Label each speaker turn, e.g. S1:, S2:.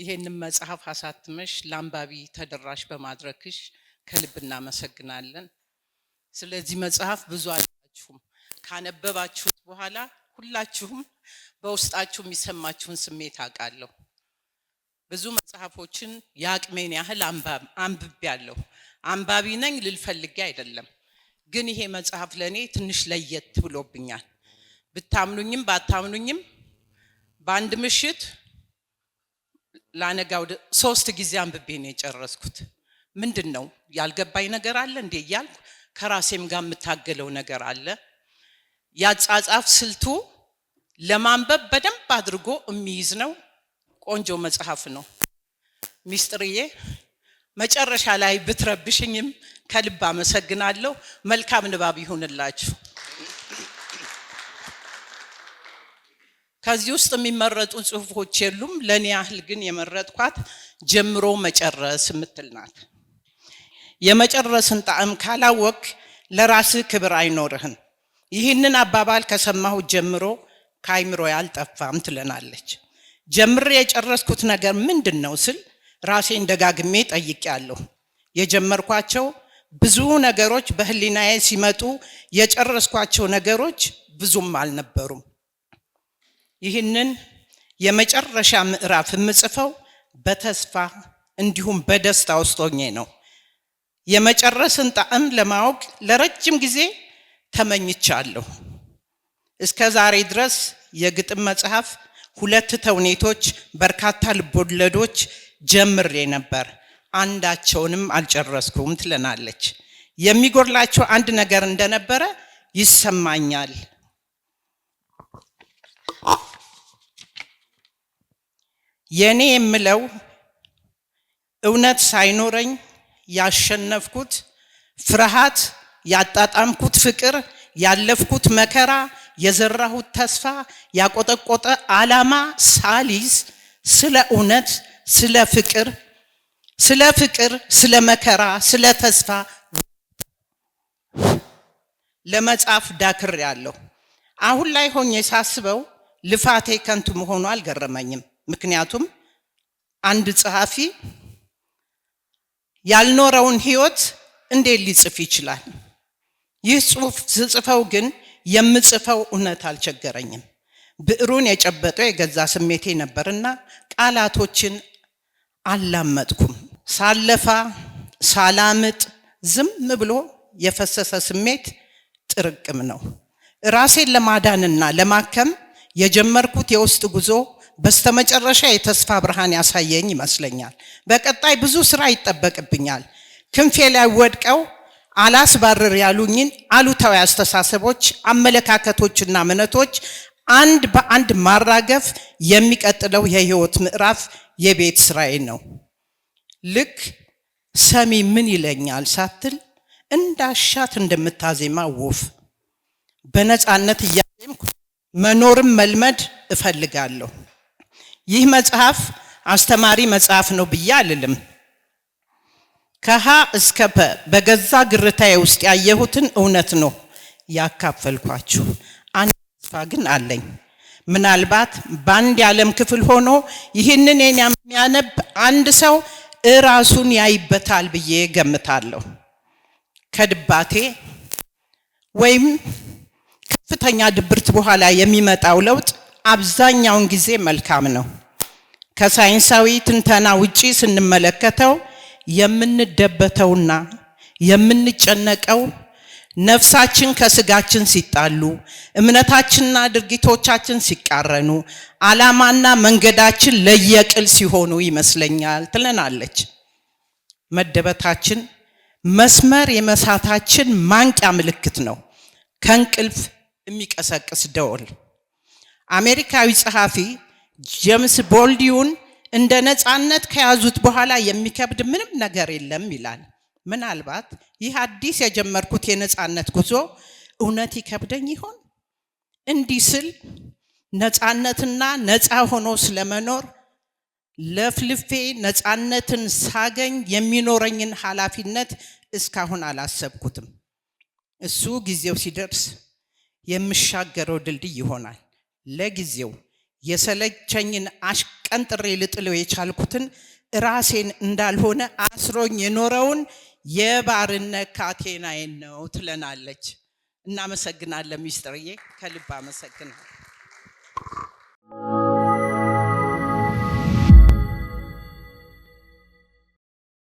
S1: ይሄንን መጽሐፍ አሳትመሽ ለአንባቢ ተደራሽ በማድረግሽ ከልብ እናመሰግናለን። ስለዚህ መጽሐፍ ብዙ አላችሁም። ካነበባችሁት በኋላ ሁላችሁም በውስጣችሁ የሚሰማችሁን ስሜት አውቃለሁ። ብዙ መጽሐፎችን የአቅሜን ያህል አንብቤያለሁ። አንባቢ ነኝ ልልፈልጌ አይደለም፣ ግን ይሄ መጽሐፍ ለእኔ ትንሽ ለየት ብሎብኛል። ብታምኑኝም ባታምኑኝም በአንድ ምሽት ላነጋ ወደ ሶስት ጊዜ አንብቤ ነው የጨረስኩት። ምንድን ነው ያልገባኝ ነገር አለ እንዴ እያልኩ ከራሴም ጋር የምታገለው ነገር አለ። ያጻጻፍ ስልቱ ለማንበብ በደንብ አድርጎ የሚይዝ ነው። ቆንጆ መጽሐፍ ነው። ሚስጥርዬ መጨረሻ ላይ ብትረብሽኝም ከልብ አመሰግናለሁ። መልካም ንባብ ይሁንላችሁ። ከዚህ ውስጥ የሚመረጡ ጽሁፎች የሉም። ለእኔ ያህል ግን የመረጥኳት ጀምሮ መጨረስ የምትል ናት። የመጨረስን ጣዕም ካላወቅ ለራስህ ክብር አይኖርህን ይህንን አባባል ከሰማሁት ጀምሮ ከአይምሮ ያልጠፋም ትለናለች። ጀምር የጨረስኩት ነገር ምንድን ነው ስል ራሴን ደጋግሜ ጠይቄያለሁ። የጀመርኳቸው ብዙ ነገሮች በህሊናዬ ሲመጡ የጨረስኳቸው ነገሮች ብዙም አልነበሩም። ይህንን የመጨረሻ ምዕራፍ የምጽፈው በተስፋ እንዲሁም በደስታ ውስጥ ሆኜ ነው። የመጨረስን ጣዕም ለማወቅ ለረጅም ጊዜ ተመኝቻለሁ። እስከ ዛሬ ድረስ የግጥም መጽሐፍ፣ ሁለት ተውኔቶች፣ በርካታ ልቦለዶች ጀምሬ ነበር። አንዳቸውንም አልጨረስኩም ትለናለች። የሚጎድላቸው አንድ ነገር እንደነበረ ይሰማኛል። የእኔ የምለው እውነት ሳይኖረኝ ያሸነፍኩት ፍርሃት ያጣጣምኩት ፍቅር ያለፍኩት መከራ የዘራሁት ተስፋ ያቆጠቆጠ ዓላማ ሳሊዝ ስለ እውነት ስለ ፍቅር ስለ ፍቅር ስለ መከራ ስለ ተስፋ ለመጻፍ ዳክር ያለሁ። አሁን ላይ ሆኜ ሳስበው ልፋቴ ከንቱ መሆኑ አልገረመኝም። ምክንያቱም አንድ ጸሐፊ ያልኖረውን ህይወት እንዴት ሊጽፍ ይችላል? ይህ ጽሁፍ ስጽፈው ግን የምጽፈው እውነት አልቸገረኝም። ብዕሩን የጨበጠው የገዛ ስሜቴ ነበርና ቃላቶችን አላመጥኩም። ሳለፋ ሳላምጥ ዝም ብሎ የፈሰሰ ስሜት ጥርቅም ነው። ራሴን ለማዳንና ለማከም የጀመርኩት የውስጥ ጉዞ በስተመጨረሻ የተስፋ ብርሃን ያሳየኝ ይመስለኛል። በቀጣይ ብዙ ስራ ይጠበቅብኛል። ክንፌ ላይ ወድቀው አላስባርር ያሉኝን አሉታዊ አስተሳሰቦች፣ አመለካከቶችና እምነቶች አንድ በአንድ ማራገፍ የሚቀጥለው የህይወት ምዕራፍ የቤት ስራዬ ነው። ልክ ሰሚ ምን ይለኛል ሳትል እንዳሻት እንደምታዜማ ወፍ በነፃነት እያዜምኩ መኖርም መልመድ እፈልጋለሁ። ይህ መጽሐፍ አስተማሪ መጽሐፍ ነው ብዬ አልልም። ከሀ እስከ ፐ በገዛ ግርታዬ ውስጥ ያየሁትን እውነት ነው ያካፈልኳችሁ። አንድ ተስፋ ግን አለኝ። ምናልባት በአንድ የዓለም ክፍል ሆኖ ይህንን የሚያነብ አንድ ሰው እራሱን ያይበታል ብዬ ገምታለሁ። ከድባቴ ወይም ከፍተኛ ድብርት በኋላ የሚመጣው ለውጥ አብዛኛውን ጊዜ መልካም ነው። ከሳይንሳዊ ትንተና ውጪ ስንመለከተው የምንደበተውና የምንጨነቀው ነፍሳችን ከስጋችን ሲጣሉ፣ እምነታችንና ድርጊቶቻችን ሲቃረኑ፣ ዓላማና መንገዳችን ለየቅል ሲሆኑ ይመስለኛል ትለናለች። መደበታችን መስመር የመሳታችን ማንቂያ ምልክት ነው፣ ከእንቅልፍ የሚቀሰቅስ ደወል አሜሪካዊ ጸሐፊ ጄምስ ቦልዲውን እንደ ነፃነት ከያዙት በኋላ የሚከብድ ምንም ነገር የለም ይላል። ምናልባት ይህ አዲስ የጀመርኩት የነፃነት ጉዞ እውነት ይከብደኝ ይሆን? እንዲህ ስል ነፃነትና ነፃ ሆኖ ስለመኖር ለፍልፌ ነፃነትን ሳገኝ የሚኖረኝን ኃላፊነት እስካሁን አላሰብኩትም። እሱ ጊዜው ሲደርስ የምሻገረው ድልድይ ይሆናል። ለጊዜው የሰለቸኝን አሽቀንጥሬ ልጥለው የቻልኩትን ራሴን እንዳልሆነ አስሮኝ የኖረውን የባርነት ካቴናዬን ነው ትለናለች። እናመሰግናለን ሚስጥርዬ፣ ከልብ አመሰግናለሁ።